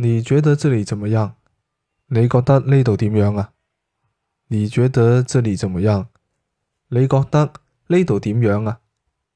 你覺得這裏怎麼樣？你覺得呢度點樣啊？你覺得這裏怎麼樣？你覺得呢度點樣啊？